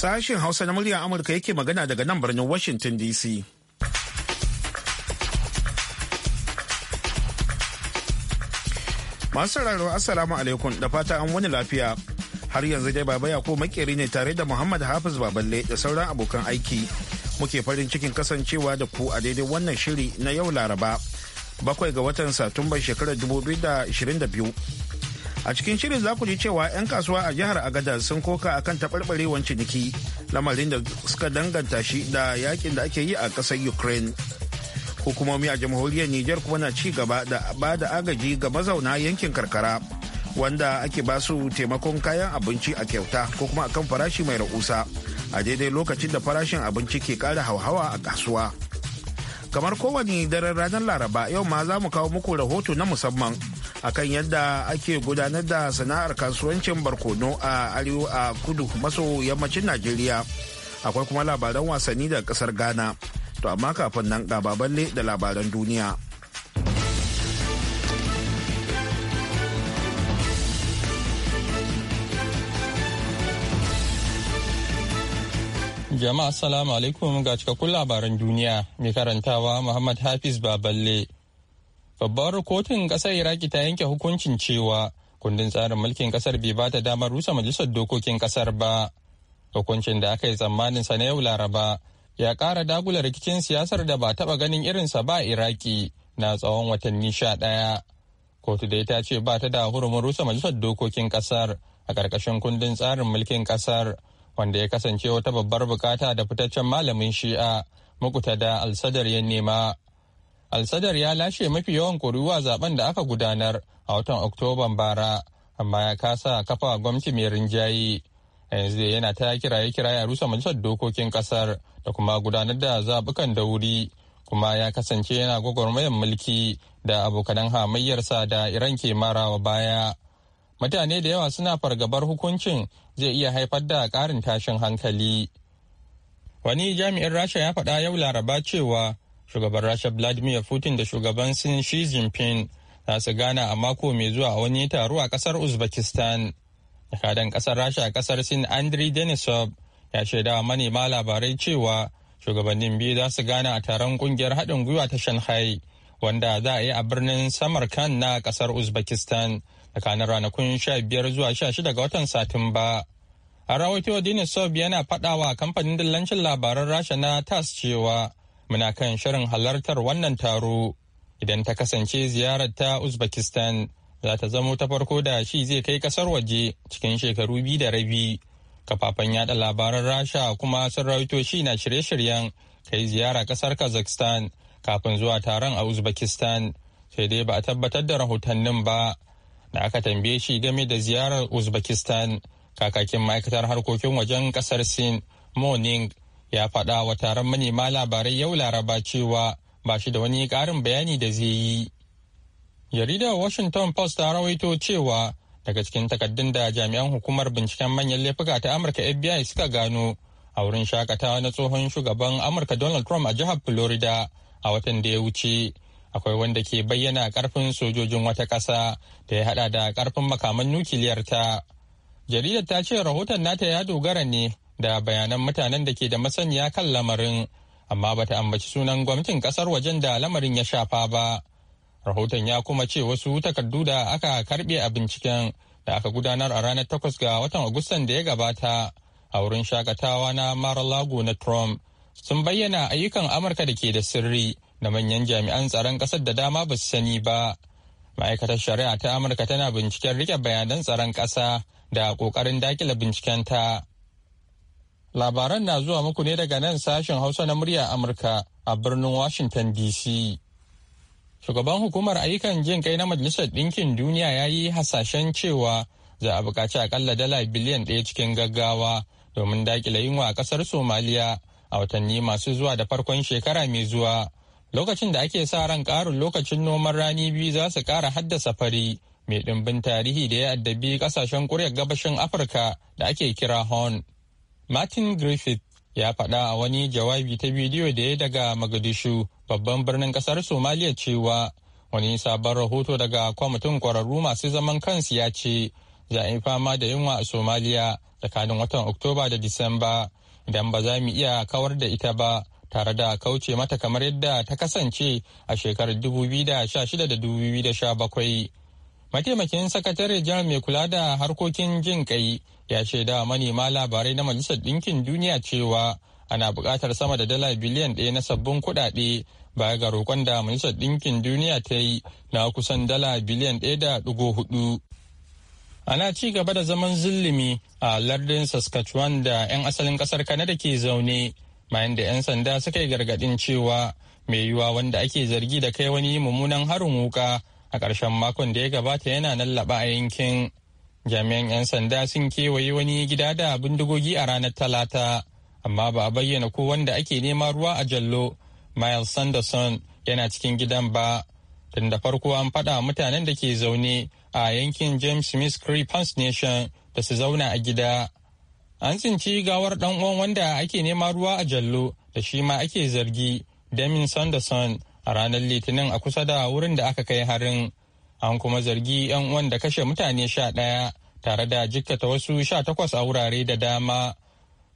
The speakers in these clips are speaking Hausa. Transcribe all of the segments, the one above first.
Sashen Hausa na muryar Amurka yake magana daga nan birnin Washington DC. Masu sauraro Assalamu alaikum da fata an wani lafiya. Har yanzu dai Baba ko makeri ne tare da Muhammad Hafiz Baballe da sauran abokan aiki. Muke farin cikin kasancewa da ku a daidai wannan shiri na yau Laraba. Bakwai ga watan Satumba shekarar 2022. a cikin shirin za ku ji cewa 'yan kasuwa a jihar agada sun koka akan taɓarɓarewar ciniki lamarin da suka danganta shi da yakin da ake yi a ƙasar ukraine hukumomi a jamhuriyar niger kuma na ci gaba da ba da agaji ga mazauna yankin karkara wanda ake ba su taimakon kayan abinci a kyauta ko kuma akan farashi mai rahusa a daidai lokacin da farashin abinci ke ƙara hauhawa a kasuwa kamar kowane daren ranar laraba yau ma za mu kawo muku rahoto na musamman akan yadda ake gudanar da sana'ar kasuwancin barkono a arewa a kudu maso yammacin najeriya akwai kuma labaran wasanni da kasar ghana to amma kafin nan ga baballe da labaran duniya jama'a assalamu alaikum ga cikakkun labaran duniya mai karantawa muhammad hafiz baballe babbar kotun kasar iraki ta yanke hukuncin cewa kundin tsarin mulkin kasar bai ba ta damar rusa majalisar dokokin kasar ba hukuncin da aka yi tsammanin sa na yau laraba ya kara dagula rikicin siyasar da ba taba ganin irinsa ba iraki na tsawon watanni sha ɗaya kotu dai ta ce ba ta da hurumin rusa majalisar dokokin kasar a ƙarƙashin kundin tsarin mulkin kasar wanda ya kasance wata babbar bukata da fitaccen malamin shi'a mukuta da alsadar ya nema Alsadar ya lashe mafi yawan ƙuri'u a zaben da aka gudanar a watan Oktoban bara, amma ya kasa kafa gwamnati mai rinjaye. A yanzu yana ta kiraye-kiraye a rusa majalisar dokokin kasar da kuma gudanar da zabukan da wuri, kuma ya kasance yana gwagwarmayar mulki da abokanan hamayyarsa da Iran ke marawa baya. Mutane da yawa suna fargabar hukuncin zai iya haifar da ƙarin tashin hankali. Wani jami'in Rasha ya faɗa yau Laraba cewa shugaban rasha vladimir putin da shugaban sin shi jinping za su gana a mako mai zuwa a wani taro a kasar uzbekistan jakadan kasar rasha a kasar sin andriy denisov ya shaidawa manema labarai cewa shugabannin biyu za su gana a taron kungiyar haɗin gwiwa ta shanghai wanda za a yi a birnin samarkand na kasar uzbekistan tsakanin ranakun 15 zuwa 16 ga watan satumba a rawaito denisov yana faɗawa kamfanin dillancin labaran rasha na tas cewa muna kan shirin halartar wannan taro idan ta kasance ziyarar ta uzbekistan za ta zamo ta farko da shi zai kai kasar waje cikin shekaru biyu da rabi kafafen yada labaran rasha kuma sun rawito shi na shirye-shiryen kai ziyara kasar kazakhstan kafin zuwa taron a uzbekistan sai dai ba a tabbatar da rahotannin ba da aka tambaye shi game da ziyarar uzbekistan kakakin ma'aikatar harkokin wajen kasar sin morning ya faɗa wa taron manema labarai yau laraba cewa ba shi da wani ƙarin bayani da zai yi. Jaridar Washington Post ta rawaito cewa daga cikin takaddun da jami'an hukumar binciken manyan laifuka ta Amurka FBI suka gano a wurin shakatawa na tsohon shugaban Amurka Donald Trump a jihar Florida a watan da ya wuce. Akwai wanda ke bayyana karfin sojojin wata ƙasa da ya haɗa da karfin makaman nukiliyar ta. Jaridar ta ce rahoton nata ya dogara ne da bayanan mutanen da ke da masaniya kan lamarin amma bata ambaci sunan gwamnatin kasar wajen da lamarin ya shafa ba rahoton ya kuma ce wasu takardu da aka karbe a binciken da aka gudanar a ranar takwas ga watan agustan da ya gabata a wurin shakatawa na mar-a-lago na trump sun bayyana ayyukan amurka da ke da sirri da manyan jami'an tsaron kasar da dama ba su sani ba ma'aikatar shari'a ta amurka tana binciken rike bayanan tsaron ƙasa da ƙoƙarin dakila bincikenta Labaran na zuwa muku ne daga nan sashen Hausa na murya Amurka a birnin Washington DC. Shugaban hukumar ayyukan jin kai na Majalisar Ɗinkin Duniya ya yi hasashen cewa za a buƙaci akalla dala biliyan ɗaya cikin gaggawa domin daƙile yunwa a ƙasar Somaliya a watanni masu zuwa da farkon shekara mai zuwa. Lokacin da ake sa ran ƙarin lokacin noman rani biyu za su ƙara haddasa fari mai ɗimbin tarihi da ya addabi ƙasashen ƙuryar gabashin Afirka da ake kira Horn. Martin Griffith ya faɗa a wani jawabi ta bidiyo da ya daga Magadishu babban birnin ƙasar Somaliya cewa wani sabon rahoto daga kwamitin kwararru masu zaman kansu ya ce za a yi fama da yunwa a Somaliya tsakanin watan Oktoba da Disamba idan ba za mu iya kawar da ita ba tare da kauce mata kamar yadda ta kasance a shekarar 2016 da 2017. Mataimakin sakatare jihar mai kula da harkokin jin kai ya ce da manema labarai na majalisar ɗinkin duniya cewa ana bukatar sama da dala biliyan ɗaya na sabbin kuɗaɗe baya ga roƙon da majalisar ɗinkin duniya ta yi na kusan dala biliyan ɗaya da ɗigo hudu. Ana ci gaba da zaman zillimi a lardin Saskatchewan da 'yan asalin ƙasar Kanada ke zaune bayan da 'yan sanda suka yi gargaɗin cewa mai yiwuwa wanda ake zargi da kai wani mummunan harin wuka a ƙarshen makon da ya gabata yana nan a yankin. jami'an 'yan sanda sun kewaye wani gida da bindigogi a ranar talata amma ba a bayyana ko wanda ake nema ruwa a jallo miles sanderson yana cikin gidan ba tun da farko an faɗa mutanen da ke zaune a yankin james smith creek nation da su zauna a gida an tsinci gawar dan uwan wanda ake nema ruwa a jallo da shi ma ake zargi damin sanderson a ranar litinin a kusa da wurin da aka kai harin an kuma zargi 'yan uwan da kashe mutane sha ɗaya tare da jikkata wasu sha takwas a wurare da dama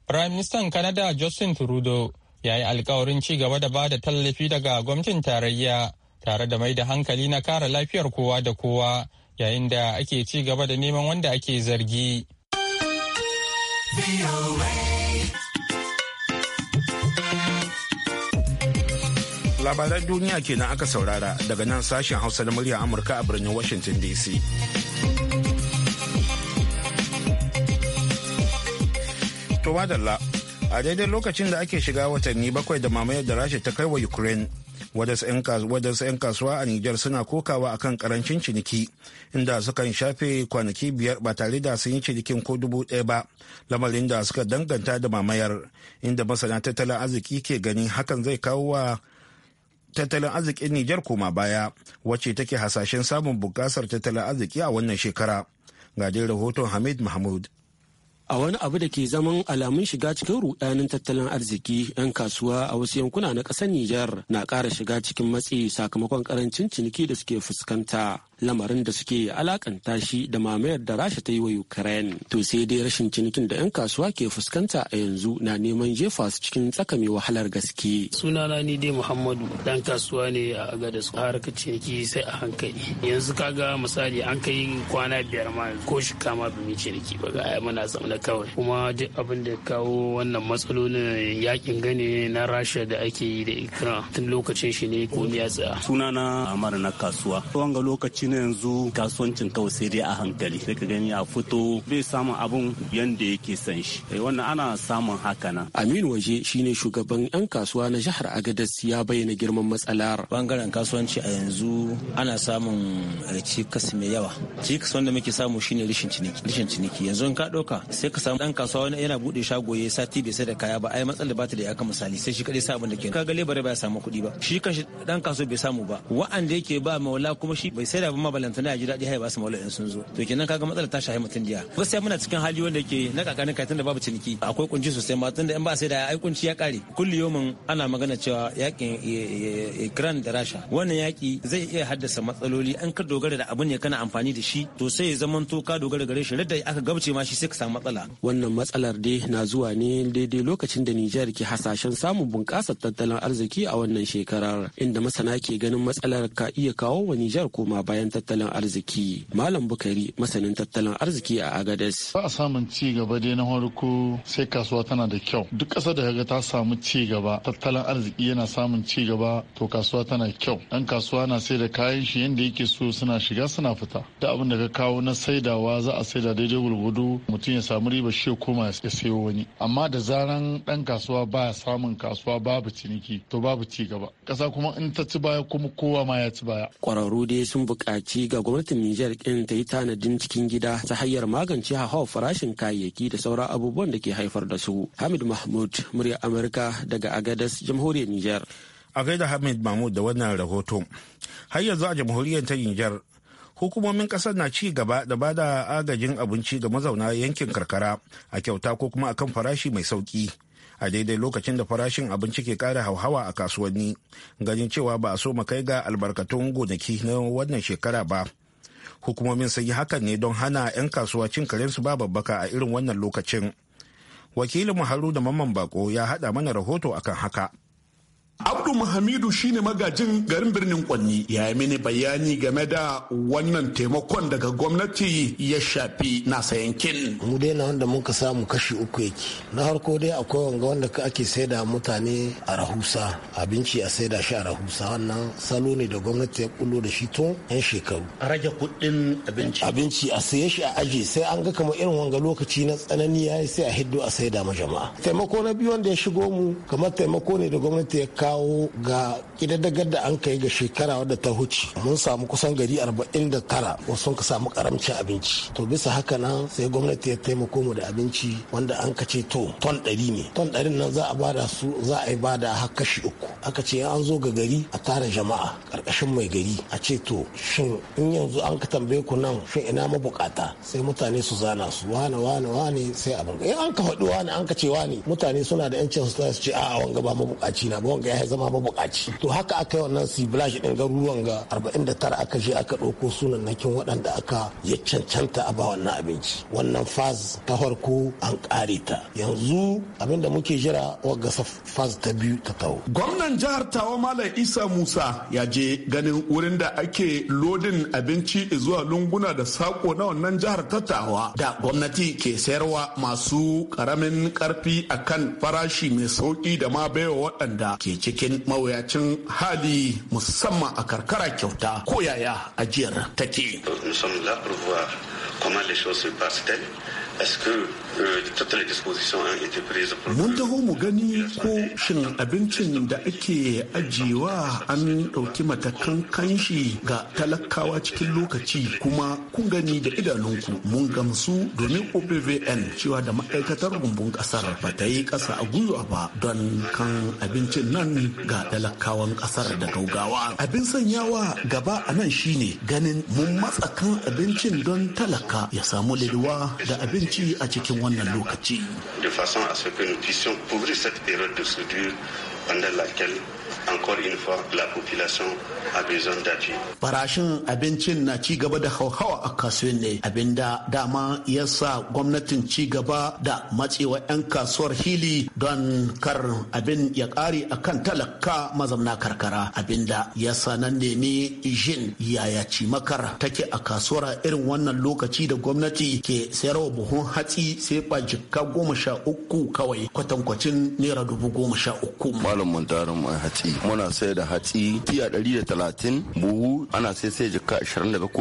prime minister canada justin trudeau ya yi alkawarin ci gaba da ba da tallafi daga gwamnatin tarayya tare da mai da hankali na kare lafiyar kowa da kowa yayin da ake ci gaba da neman wanda ake zargi. labaran duniya kenan aka saurara daga nan sashen hausa na murya amurka a birnin washington dc to wadalla a daidai lokacin da ake shiga watanni bakwai da mamayar da rasha ta kai wa ukraine wadansu 'yan kasuwa a Nijar suna kokawa akan karancin ciniki inda sukan shafe kwanaki biyar ba tare da sun yi cinikin ko dubu ɗaya ba lamarin da suka danganta da mamayar inda masana tattalin arziki ke gani hakan zai kawo wa tattalin arzikin Nijar koma baya wacce take hasashen samun bukasar tattalin arziki a wannan shekara. Gajin rahoton Hamid Mahmud. A wani abu da ke zaman alamun shiga cikin rudanin tattalin arziki, 'yan kasuwa a wasu yankuna na ƙasar Nijar na kara shiga cikin matsi sakamakon karancin ciniki da suke fuskanta. Lamarin da suke alakanta shi da mamayar da Rasha ta yi wa Ukraine. To sai dai rashin cinikin da 'yan kasuwa ke fuskanta a yanzu na neman jefa su cikin tsaka wahalar gaske. Sunana ni dai Muhammadu dan kasuwa ne a su harkar ciniki sai a hankali. Yanzu kaga misali an kai kwana biyar ma ko shi kama bi ciniki ba ga muna zaune kawai kuma duk abin da kawo wannan matsalolin yakin gane na rasha da ake yi da ikra tun lokacin shi ne komai ya tsaya suna na amara na kasuwa wanga lokaci na yanzu kasuwancin kawai sai dai a hankali sai ka gani a fito bai samun abun yanda yake san shi eh, wannan ana samun haka nan aminu waje shine shugaban yan kasuwa na jihar agadas ya bayyana girman matsalar bangaren kasuwanci a yanzu ana samun cikas mai yawa cikas wanda muke samu shine rishin ciniki rishin ciniki yanzu in ka ɗauka sai ka samu dan kasuwa wani yana bude shago ya sati bai sai da kaya ba ai matsalar ba ta da ya misali sai shi kadai sa abin da ke kaga lebara bai ya samu kuɗi ba shi kan dan kasuwa bai samu ba wa'anda yake ba maula kuma shi bai sai da ba balantana ya ji daɗi hai ba su maula in sun zo to kenan kaga matsalar ta shahi mutum jiya gaskiya muna cikin hali wanda yake na kakanin kai tunda babu ciniki akwai kunci sosai ma tunda in ba sai da ai kunci ya kare kulli yomin ana magana cewa yakin Ukraine da Rasha wannan yaki zai iya haddasa matsaloli an ka dogara da abin ne kana amfani da shi to sai ya zamanto ka dogara gare shi radda aka gabce ma shi sai ka samu matsala matsala wannan matsalar dai na zuwa ne daidai lokacin da nijar ke hasashen samun bunƙasar tattalin arziki a wannan shekarar inda masana ke ganin matsalar ka iya kawo wa nijar koma bayan tattalin arziki malam bukari masanin tattalin arziki a agades ba a samun ci gaba dai na farko sai kasuwa tana da kyau duk ƙasa da kaga ta samu ci gaba tattalin arziki yana samun ci gaba to kasuwa tana kyau dan kasuwa na sai da kayan shi yanda yake so suna shiga suna fita da abin da ka kawo na saidawa za a saida daidai gurgudu mutum ya samu samu riba shi koma ya sayo wani amma da zaran dan kasuwa baya samun kasuwa babu ciniki to babu ci gaba kasa kuma in ta ci baya kuma kowa ma ya ci baya kwararru dai sun buƙaci ga gwamnatin Nijar kin ta yi tanadin cikin gida ta hanyar magance hauhawar farashin kayayyaki da sauran abubuwan da ke haifar da su Hamid Mahmud murya Amurka daga Agadas jamhuriyar Nijar a gaida Hamid Mahmud da wannan rahoto har yanzu a jamhuriyar ta Nijar hukumomin kasar na ci gaba da ba da agajin abinci ga mazauna yankin karkara a kyauta ko kuma akan farashi mai sauki a daidai lokacin da farashin abinci ke kara hauhawa a kasuwanni ganin cewa ba a so kai ga albarkatun gonaki na wannan shekara ba hukumomin sun yi hakan ne don hana 'yan kasuwa cin karensu ba babbaka a irin wannan lokacin wakilin haru da mamman bako ya haɗa mana rahoto akan haka Abdu Muhammadu shine magajin garin birnin Kwanni ya yi mini bayani game da wannan taimakon daga gwamnati ya shafi nasa yankin. Mu dai na wanda muka samu kashi uku yake. Na harko dai akwai wanga wanda ake saida mutane a rahusa abinci a saida shi a rahusa wannan salo ne da gwamnati ya kullo da shi tun yan shekaru. A rage kuɗin abinci. Abinci a saye shi a aji sai an ga kamar irin wanga lokaci na tsanani ya sai a hiddo a saida ma jama'a. Taimako na biyu wanda ya shigo mu kamar taimako ne da gwamnati ya kawo ga ƙididdigar da an kai ga shekara wadda ta huce mun samu kusan gari 49 wasu ka samu karamcin abinci to bisa haka nan sai gwamnati ya taimako mu da abinci wanda an ka ce to ton 100 ne ton 100 nan za a bada su za a yi bada har kashi uku aka ce an zo ga gari a tara jama'a karkashin mai gari a ce to shin in yanzu an ka tambaye ku nan shin ina mabukata sai mutane su zana su wane wane wane sai abin in an ka faɗi wane an ka ce wane mutane suna da yancin su ce a'a wanga ba mabukaci na ba wanga ya zama mabukaci to haka aka yi wannan siblash ɗin garuruwan ga 49 aka je aka ɗauko nakin waɗanda aka ya cancanta a ba wannan abinci wannan faz ta farko an ƙare ta yanzu da muke jira gasa faz ta biyu ta tawo. gwamnan jihar tawa malam isa musa ya je ganin wurin da ake lodin abinci zuwa lunguna da sako na wannan jihar ta tawa da gwamnati ke sayarwa masu ƙaramin karfi akan farashi mai sauƙi da ma baiwa waɗanda ke cikin mawuyacin hali musamman a karkara kyauta ko yaya ajiyar take. Nous sommes là Mun taho mu gani ko shin abincin da ake ajiyewa an ɗauki matakan kanshi ga talakawa cikin lokaci kuma kun gani da idanunku mun gamsu domin OPVN cewa da ma'aikatar rumbun ƙasar ba ta yi ƙasa a gwiwa ba don kan abincin nan ga talakawan ƙasar da gaugawa. Abin sanyawa gaba a nan shine ganin mun matsa kan abincin don talaka ya samu lilwa da abinci a cikin wannan lokaci. pendant laquelle encore une fois la population a besoin d'appui. Farashin abincin na ci gaba da hauhawa a kasuwanni abinda dama ya sa gwamnatin ci gaba da matsewa 'yan kasuwar hili don kar abin ya kare a kan talaka mazamna karkara abinda ya sa nan ne jin yaya cimakar take a kasuwar irin wannan lokaci da gwamnati ke sayarwa buhun hatsi sai ba jika goma sha uku kawai kwatankwacin naira dubu goma sha uku. malam muntarin mai hatsi muna sai da hatsi tiya talatin buhu ana sai sai jika 27 ko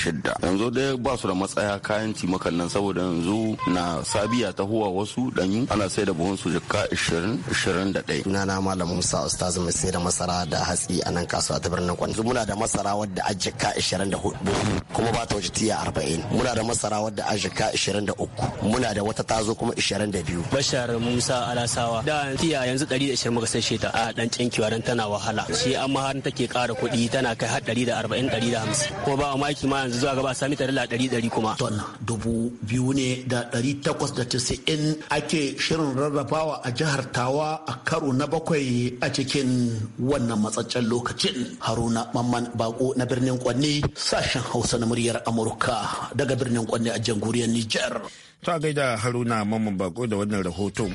shidda yanzu dai ba su da matsaya kayan cimakan nan saboda yanzu na sabiya ta huwa wasu danyu ana sai da buhun su jika ɗaya. na na malam musa ustaz mai sai da masara da hatsi a nan kasuwa ta birnin kwan muna da masara wadda a jika hudu kuma ba ta wuce tiya arba'in muna da masara wadda a jika uku muna da wata tazo kuma biyu. bashar musa alasawa da tiya yanzu 120 muka sashe ta a dan cinkewa dan tana wahala shi amma har take kara kuɗi tana kai har 140 150 ko ba maki ma yanzu zuwa gaba sami ta dala 100 kuma kuma ton dubu biyu ne da 890 ake shirin rarrabawa a jihar Tawa a karo na bakwai a cikin wannan matsaccen lokacin Haruna Mamman Bako na birnin Kwanne sashen Hausa na muryar Amurka daga birnin Kwanne a jamhuriyar Niger. Ta gaida Haruna Mamman Bako da wannan rahoton.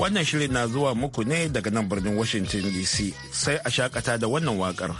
Wannan shirin na zuwa muku ne daga nan birnin Washington DC sai a shakata da wannan wakar.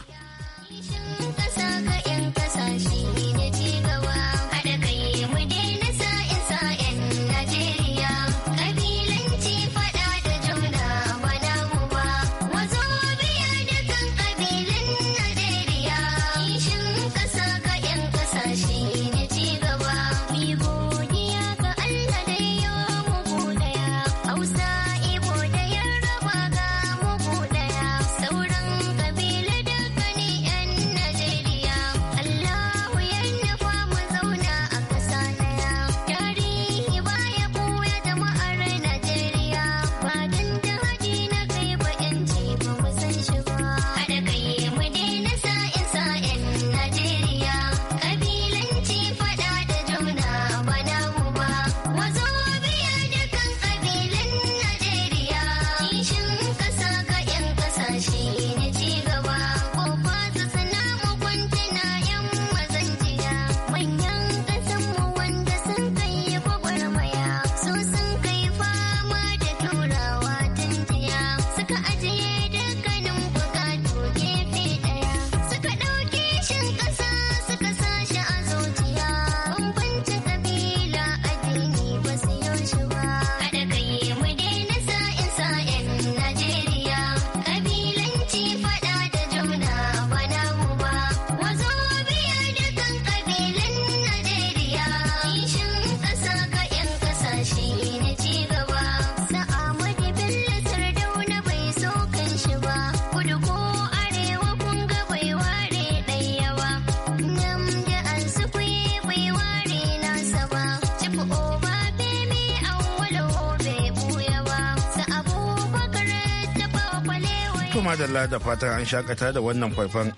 To madalla da fatan an shakata da wannan faifan.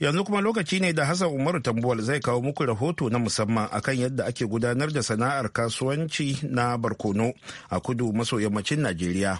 Yanzu kuma lokaci ne da Hassan Umaru Tambuwal zai kawo muku rahoto na musamman akan yadda ake gudanar da sana'ar kasuwanci na barkono a kudu maso yammacin Najeriya.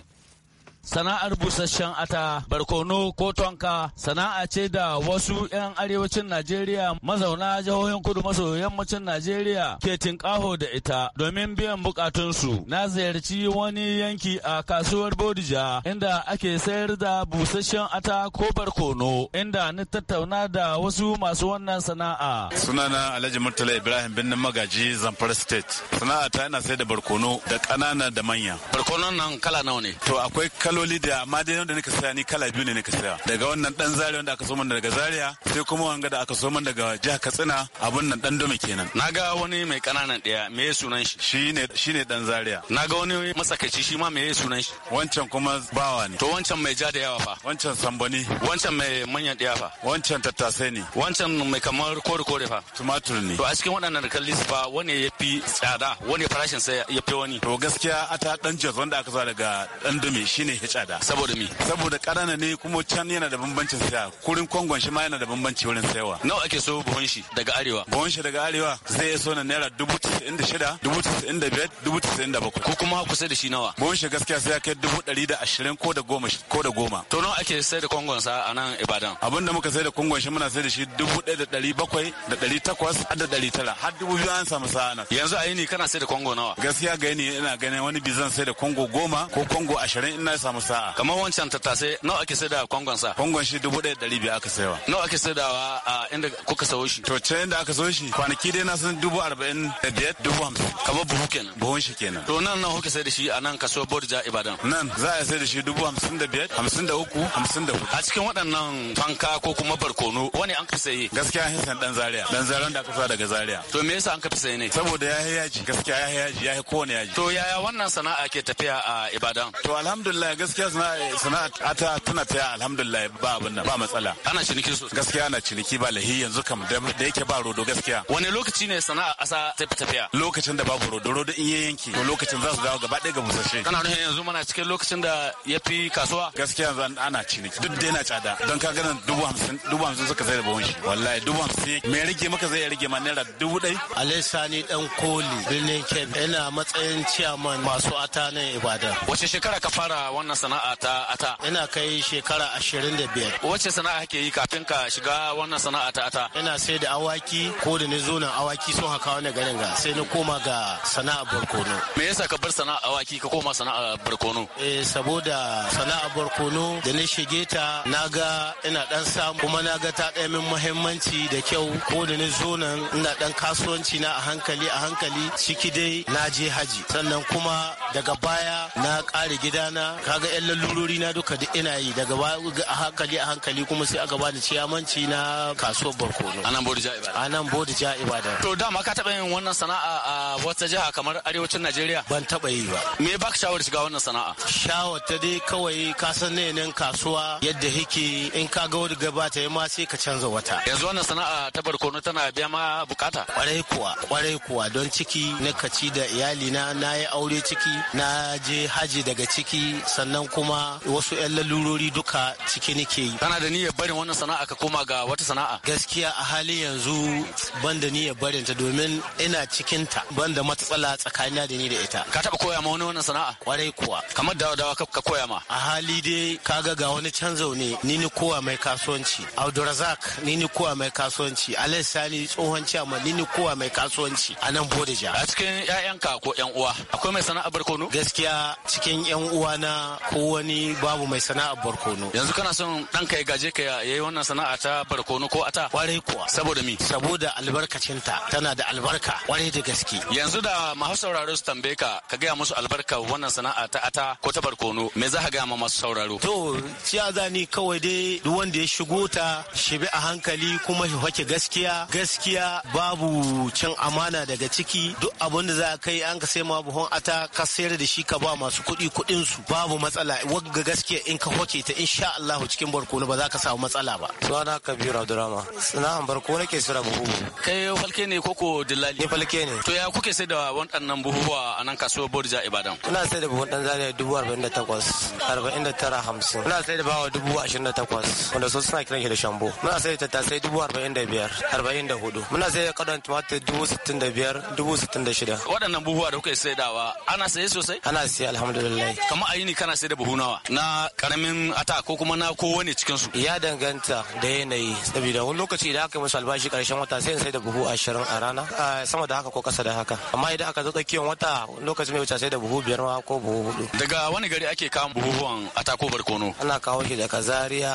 sana'ar busasshen ata barkono ko tonka sana'a ce da wasu 'yan arewacin najeriya mazauna jihohin kudu maso yammacin najeriya ke tinkaho da ita domin biyan bukatunsu na ziyarci wani yanki a kasuwar bodija inda ake sayar da busasshen ata ko barkono inda ni tattauna da wasu masu wannan sana'a sunana alhaji murtala ibrahim binnin magaji zamfara state sana'a ta yana sai da barkono da ƙanana da manya barkonon nan kala nawa ne to akwai kaloli da amma da wanda nika saya ni kala biyu ne nake saya daga wannan dan zari wanda aka so daga zaria sai kuma wanga da aka so daga jihar katsina abun nan dan dome kenan naga wani mai kananan daya me ya sunan shi shine shine dan zaria naga wani matsakaici shi ma me ya sunan shi wancan kuma bawa ne to wancan mai ja da yawa fa wancan sambani wancan mai manyan daya fa wancan tattasai ne wancan mai kamar kore kore fa tumatur ne to a cikin waɗannan da kalli fa wani ya fi tsada wani farashin sai ya fi wani to gaskiya ata dan jazz wanda aka zo daga dan dome shine ya tsada saboda mi saboda karana ne kuma can yana da bambancin saya kurin kwangon shi ma yana da bambanci wurin sayawa nawa ake so buhun shi daga arewa buhun shi daga arewa zai so na naira dubu tisa'in da shida dubu tisa'in da biyar dubu tisa'in da bakwai ko kuma kusa da shi nawa buhun shi gaskiya sai ya kai dubu ɗari da ashirin ko da goma ko da goma to nawa ake sai da kwangon sa a nan ibadan abin da muka sai da kwangon shi muna sai da shi dubu ɗaya da ɗari bakwai da ɗari takwas har da ɗari tara har dubu biyu an samu sa'ana yanzu a yini kana sai da kwango nawa gaskiya ga yini ina ganin wani bizan sai da kwango goma ko kwango ashirin ina samu samu sa'a kamar wancan tattasai nawa ake saida kwangon sa kwangon shi dubu ɗaya ɗari biyu aka saiwa nawa ake saidawa a inda kuka sayo shi to can inda aka sayo shi kwanaki dai na san dubu arba'in da biyar dubu hamsin kamar buhu kenan buhun shi kenan to nan nawa kuka da shi a nan kaso borja ibadan nan za a da shi dubu hamsin da biyar hamsin da uku hamsin da hudu a cikin waɗannan fanka ko kuma barkono wani an ka saye gaskiya an san dan zaria dan Zaria da aka sa daga zaria to me yasa an ka saye ne saboda ya yaji gaskiya ya yaji ya kowane yaji to yaya wannan sana'a ke tafiya a ibadan to alhamdulillah gaskiya ta tana ta alhamdulillah ba abin ba matsala. Ana ciniki sosai. Gaskiya ana ciniki ba lahi yanzu kam da yake ba rodo gaskiya. Wani lokaci ne sana'a asa ta tafiya? Lokacin da babu rodo rodo in ya to lokacin za su dawo gaba ɗaya ga busashe. Kana nuna yanzu mana cikin lokacin da ya fi kasuwa? Gaskiya yanzu ana ciniki duk da yana tsada don ka ganin dubu hamsin dubu hamsin suka sai da bawon shi wallahi dubu hamsin me rage maka zai rage ma naira dubu ɗai. Alai Sani dan koli birnin Kebbi ina matsayin ciyaman masu ata nan Ibadan. Wace shekara ka fara wannan wannan sana'a ta ata? Ina kai shekara ashirin da biyar. Wacce sana'a kake yi kafin ka shiga wannan sana'a ta ata? Ina sai da awaki ko da ni zo nan awaki sun haka wani garin ga sai ni koma ga sana'a barkono. Me yasa ka bar sana'a awaki ka koma sana'a barkono? Eh saboda sana'a barkono da ni shige ta na ga ina dan samu kuma na ga ta ɗaya min muhimmanci da kyau ko da ni zo nan ina dan kasuwanci na a hankali a hankali ciki dai na je haji sannan kuma daga baya na ƙare gidana kaga yan lalurori na duka duk ina yi daga a hankali a hankali kuma sai aka bani ciyamanci na kasuwar barkono anan bodi jaiba ibadan anan bodi ibadan to dama ka taba yin wannan sana'a a wata jiha kamar arewacin najeriya ban taba yi ba me baka shawara shiga wannan sana'a shawara ta dai kawai ka san ne kasuwa yadda hiki in ka ga wani gaba ta ma sai ka canza wata yanzu wannan sana'a ta barkono tana biya ma bukata kwarai kuwa kwarai kuwa don ciki na kaci da iyali na na yi aure ciki na je haji daga ciki sannan kuma wasu 'yan lalurori duka ciki nake yi kana da niyyar barin wannan sana'a ka koma ga wata sana'a gaskiya a halin yanzu ban da niyyar barin ta domin ina cikin ta ban da matsala tsakanin da ni da ita ka taba koya ma wani wannan sana'a kwarai kuwa kamar dawa dawa ka koya ma a hali dai kaga ga wani canza ne ni ni kowa mai kasuwanci abdulrazak ni ni kowa mai kasuwanci alai sani tsohon ciyama ni ni kowa mai kasuwanci a nan bodija a cikin 'ya'yanka ko 'yan uwa akwai mai sana'a barkono gaskiya cikin 'yan uwa na ko wani babu mai sana'a barkono yanzu kana son ɗanka ya gaje ka yayi wannan sana'a ta barkono ko ata kwarai kuwa saboda mi saboda albarkacinta tana da albarka kwarai da gaske yanzu da masu sauraro su tambaye ka ka gaya musu albarka wannan sana'a ta ata ko ta barkono me za ka gaya ma masu sauraro to ciya zani kawai dai duk wanda ya shigo ta shi a hankali kuma shi hake gaskiya gaskiya babu cin amana daga ciki duk abin da za ka yi an ka sai ma buhun ata ka sayar da shi ka ba masu kuɗi kuɗin su babu matsala wagga gaskiya in ka hoke ta insha Allah cikin barkono ba za ka samu matsala ba sunana Kabiru Abdurrahman sana'an barkono ke sura buhu kai falke ne koko dillali ne falke ne to ya kuke sai da wadannan buhuwa a nan kasuwar Bodija Ibadan ina sai da buhun dan zare dubu arba'in da takwas arba'in da tara hamsin ina sai da bawa dubu ashirin da takwas wanda su suna kiran shi da shambo muna sai da tattasai dubu arba'in da biyar arba'in da hudu muna sai da kadon tumatir dubu sittin da biyar dubu sittin da shida waɗannan buhuwa da kuke dawa ana saye sosai ana saye alhamdulillah kamar a kana ana sai da buhu nawa na karamin ata ko kuma na kowane cikin su ya danganta da yanayi saboda wani lokaci idan aka musu albashi karshen wata sai sai da buhu ashirin a rana sama da haka ko kasa da haka amma idan aka zo tsakiyar wata lokacin mai wuce sai da buhu biyar ma ko buhu hudu daga wani gari ake kawo buhuwan ata ko barkono ana kawo shi daga zaria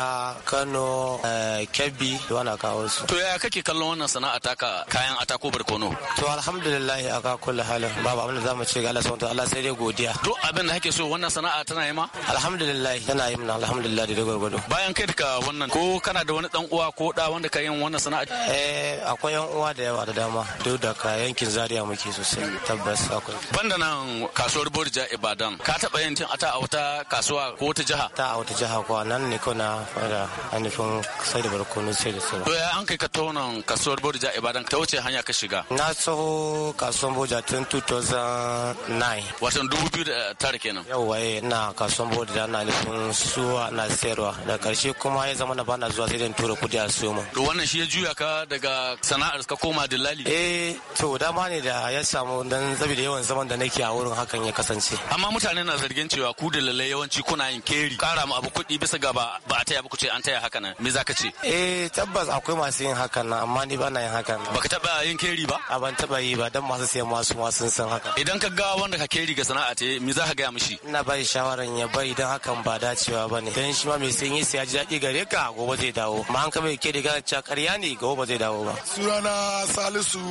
kano eh, kebbi da ana kawo su to yaya kake kallon wannan sana'a ka. kayan ata ko barkono to alhamdulillah aka kullu halin babu abin da zamu ce ga Allah sai dai godiya to abin da kake so wannan sana'a tana yi ma alhamdulillah yana yi mana alhamdulillah da gwargwado bayan kai daga wannan ko kana da wani dan uwa ko da wanda ka yi wannan sana'a eh akwai yan uwa da yawa da dama duk da ka yankin zaria muke sosai tabbas akwai banda nan kasuwar Borja Ibadan ka taba yin cin ata a wata kasuwa ko wata jiha ta a wata jiha ko nan ne ko na fara anifin sai da barkono sai da sauran to ya an kai ka nan kasuwar Borja Ibadan ta wuce hanya ka shiga na so kasuwar Borja tun 2009 watan 2009 kenan Yau waye eh, na kasuwan bodi da ana nufin suwa na sayarwa da karshe kuma ya zama na bana zuwa sai da tura kudi a suma. to wannan shi ya juya ka daga sana'ar ka koma dillali eh to dama ne da ya samu dan saboda yawan zaman da nake a wurin hakan ya kasance amma mutane na zargin cewa ku dillalai yawanci kuna yin keri kara mu abu kuɗi bisa ga ba a taya ba ku ce an taya haka nan me zaka ce eh tabbas akwai masu yin hakan nan amma ni bana na yin hakan baka taba yin keri ba a ban taba yi ba dan masu sayan masu ma sun san haka idan ka ga wanda ka keri ga sana'a te me za ka gaya mishi ina ba shi shawara yaron ya bai don hakan ba dacewa ba ne don shi ma mai sanyi sai ya ji daɗi gare ka gobe zai dawo amma an kama ke daga cewa karya ne gobe zai dawo ba. sunana salisu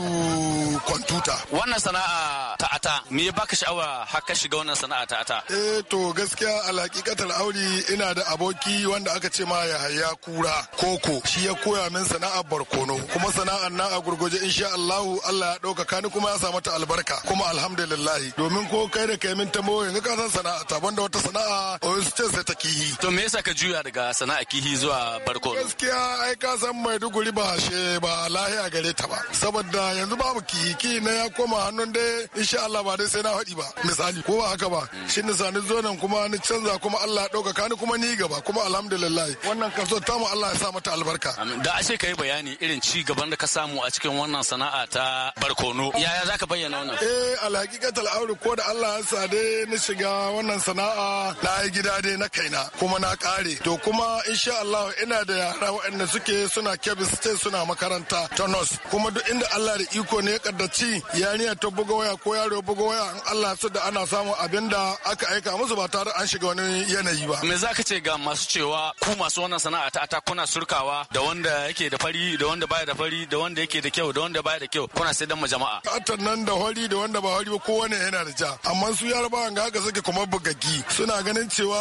kwantuta. wannan sana'a ata me ya baka sha'awa har ka shiga wannan sana'a ata. eh to gaskiya alhaƙiƙatar auri ina da aboki wanda aka ce ma ya haya kura koko shi ya koya min sana'ar barkono kuma sana'ar na a gurguje insha Allahu Allah ya ɗaukaka ni kuma ya samu ta albarka kuma alhamdulillah domin ko kai da kai min ta tambayoyin ka san sana'a ta banda wata sana'a a wasu can ta kihi. To me yasa ka juya daga sana'a kihi zuwa barko? Gaskiya ai ka san Maiduguri ba she ba lahiya gare ta ba. Saboda yanzu babu kihi ki na ya koma hannun dai insha Allah ba dai sai na haɗi ba. Misali ko ba haka ba. Hmm. Shin ni sani zo nan kuma ni canza kuma Allah ya ɗauka ni kuma ni gaba kuma alhamdulillah. Wannan kaso ta mu Allah ya sa mata albarka. Da ashe ka yi bayani irin ci gaban da ka samu a cikin wannan sana'a ta barkono. Yaya za ka bayyana wannan? Eh alhaƙiƙatar aure ko da Allah ya sa dai na shiga wannan sana'a na yi gida dai na kaina kuma na kare to kuma insha Allah ina da yara waɗanda suke suna kebbi state suna makaranta ta nos kuma duk inda Allah da iko ne ya kaddaci yarinya ta buga waya ko yaro buga waya in Allah su da ana samu abinda aka aika musu ba tare an shiga wani yanayi ba me zaka ce ga masu cewa ku masu wannan sana'a ta ta kuna surkawa da wanda yake da fari da wanda baya da fari da wanda yake da kyau da wanda baya da kyau kuna sai dan jama'a ka nan da hori da wanda ba hori ba ne yana da ja amma su yarabawan ga haka suke kuma bugaggi suna ganin cewa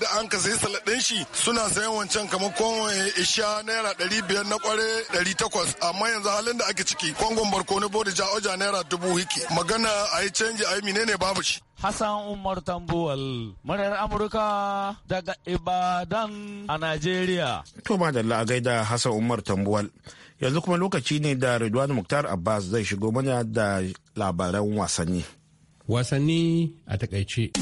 da an ka sayi saladin shi suna sayan wancan kamar kwanwa isha naira ɗari biyar na kware ɗari takwas amma yanzu halin da ake ciki kwangon barkono bodi ja oja naira dubu hiki magana a yi canji a yi menene babu shi. Hassan Umar Tambuwal, muryar Amurka daga Ibadan a Najeriya. To ba da gaida Hassan Umar Tambuwal. Yanzu kuma lokaci ne da Ridwan Muktar Abbas zai shigo mana da labaran wasanni. Wasanni a takaice.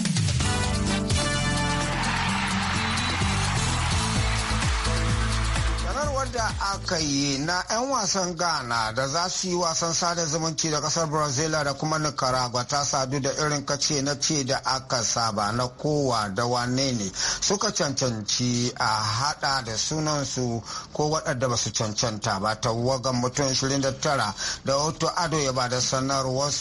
suka yi na 'yan wasan ghana da za su yi wasan sada zumunci da kasar brazil da kuma nicaragua ta sadu da irin kace na ce da aka saba na kowa da wane ne suka cancanci a hada da sunansu ko waɗanda ba su cancanta ba ta tawagan mutum 29 da hoto ado ya ba da su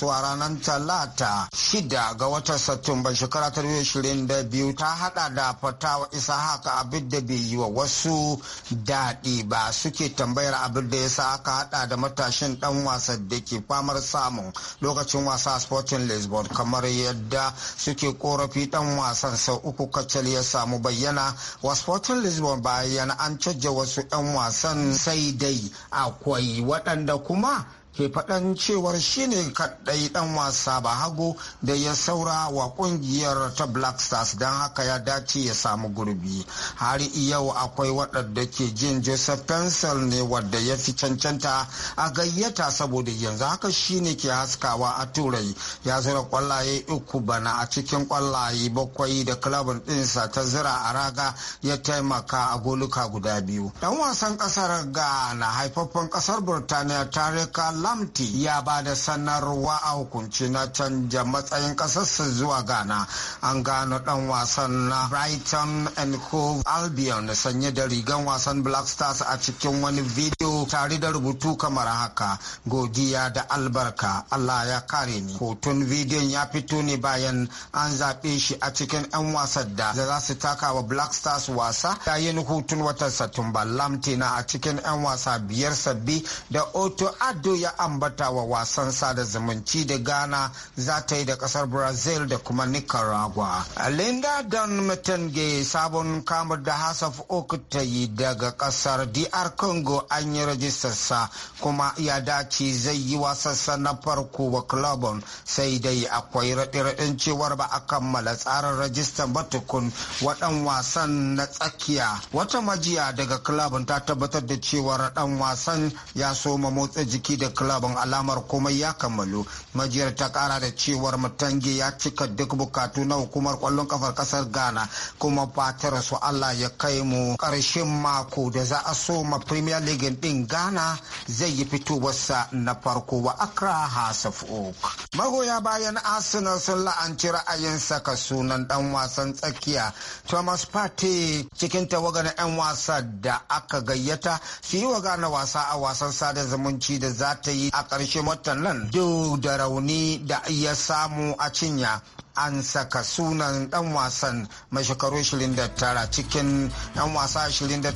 a ranar talata 6 ga watan satumba shekara 2022 ta hada da fatawa isa haka abin da bai yi wa wasu daɗi ba suke tambayar abin da ya sa aka hada da matashin dan wasa da ke famar samun lokacin wasa a sporting lisbon kamar yadda suke korafi dan wasan sau uku kacal ya samu bayyana wa sporting lisbon bayan an canja wasu 'yan wasan sai dai akwai waɗanda kuma ke faɗan cewar shine kaɗai ɗan wasa ba hago da ya saura wa ƙungiyar ta black stars don haka ya dace ya samu gurbi har yau akwai waɗanda ke jin joseph pencil ne wadda ya fi cancanta a gayyata saboda yanzu haka shine ke haskawa a turai ya zura kwallaye uku bana a cikin kwallaye bakwai da klabin ɗinsa ta zira a raga ya taimaka a goluka guda biyu dan wasan ƙasar ga na haifaffen ƙasar burtaniya tarika lamti ya ba da sanarwa a hukunci na canja matsayin ƙasarsa zuwa ghana an gano ɗan wasan na brighton and cove albion sanye da rigan wasan black stars a cikin wani bidiyo tare da rubutu kamar haka godiya da albarka allah ya kare ni hoton bidiyon ya fito ne bayan an zaɓe shi a cikin 'yan wasan da za su taka wa black stars wasa yayin hutun watan satumba lamti na a cikin 'yan wasa biyar sabbi da oto ado ya ambata wa wasan sada zumunci da ghana za ta yi da kasar brazil da kuma nicaragua linda don mutunge sabon kamar da hasaf ok ta yi daga kasar dr congo an yi rajistarsa kuma ya dace zai yi wasassa na farko wa clubon sai dai akwai raɗe-raɗin cewar ba a kammala tsarin rajistar batukun tukun waɗan wasan na tsakiya wata majiya daga clubon ta tabbatar da cewar ɗan wasan ya soma motsa jiki da club club alamar komai ya kammalu majiyar ta kara da cewar matangi ya cika duk bukatu na hukumar kwallon kafar kasar ghana kuma fatar su allah ya kai mu karshen mako da za a soma premier league din ghana zai yi fitowarsa na farko wa accra house of oak magoya bayan arsenal sun la'anci ra'ayin saka sunan dan wasan tsakiya thomas partey cikin tawagar 'yan wasa da aka gayyata su yi wa ghana wasa a wasan sada zumunci da za ta yi a ƙarshen watan nan duk da rauni da ya samu a cinya an saka sunan dan wasan mai shekaru 29 cikin dan wasa 29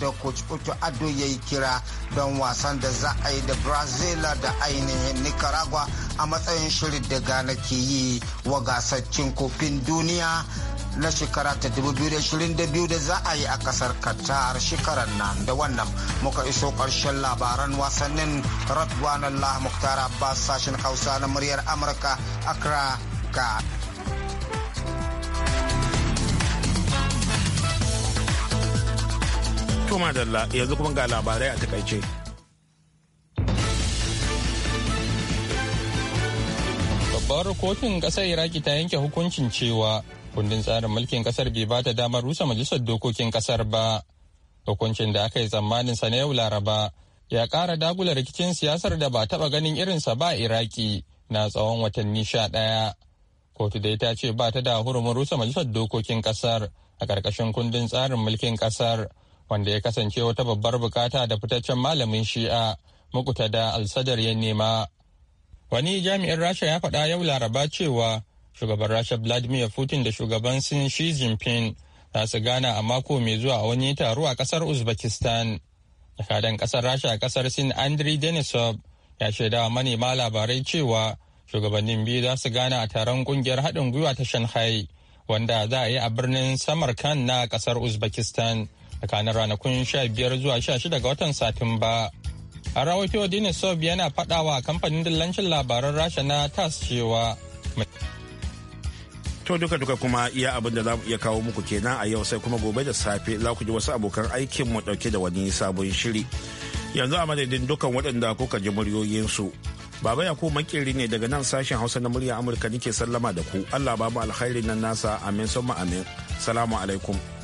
da coach Otto Ado ya yi kira don wasan da za a yi da Brazil da ainihin Nicaragua a matsayin shirin da gane ke yi wa gasar kofin duniya na shekara ta 2022 da za a yi a kasar Qatar shekarar nan da wannan muka iso ƙarshen labaran wasannin Radwan Allah Muktar Abbas sashen Hausa na muryar Amurka Accra ga Tuma Dalla yanzu kuma ga labarai a takaice. Babbar kotun ƙasar Iraki ta yanke hukuncin cewa kundin tsarin mulkin kasar bai bata damar rusa majalisar dokokin kasar ba hukuncin da aka yi tsammanin sa na yau laraba ya kara dagula rikicin siyasar da ba taɓa ganin irinsa ba a iraki na tsawon watanni sha ɗaya kotu dai ta ce ba ta da hurumin rusa majalisar dokokin kasar a ƙarƙashin kundin tsarin mulkin kasar wanda ya kasance wata babbar bukata da fitaccen malamin shi'a mukutada da sadar ya nema wani jami'in rasha ya faɗa yau laraba cewa shugaban rasha vladimir putin da shugaban sin shi jinping za su gana a mako mai zuwa a wani taro a kasar uzbekistan jakadan kasar rasha a kasar sin andriy denisov ya shaida wa manema labarai cewa shugabannin biyu za su gana a taron kungiyar haɗin gwiwa ta shanghai wanda za a yi a birnin samar samarkand na kasar uzbekistan tsakanin ranakun 15 zuwa 16 ga watan satumba a rawaito denisov yana faɗawa kamfanin dillancin labaran rasha na tas cewa To duka duka kuma iya abin da za mu iya kawo muku kenan a yau sai kuma gobe da safe za ku ji wasu abokan aikin mu dauke da wani sabon shiri. Yanzu a madadin dukan waɗanda kuka ji muryoyinsu. Baba ya makeri ne daga nan sashen Hausa na murya Amurka nike sallama da ku. Allah ba mu alkhairin nan nasa amin sama amin. Salamu alaikum.